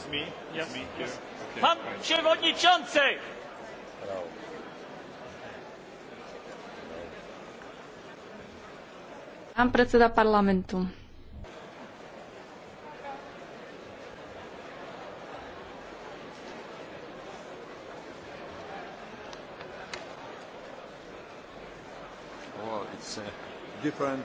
It's me. Yes. It's me here. Okay. Pan przewodniczący! Pan predseda parlamentu. Oh, it's uh, different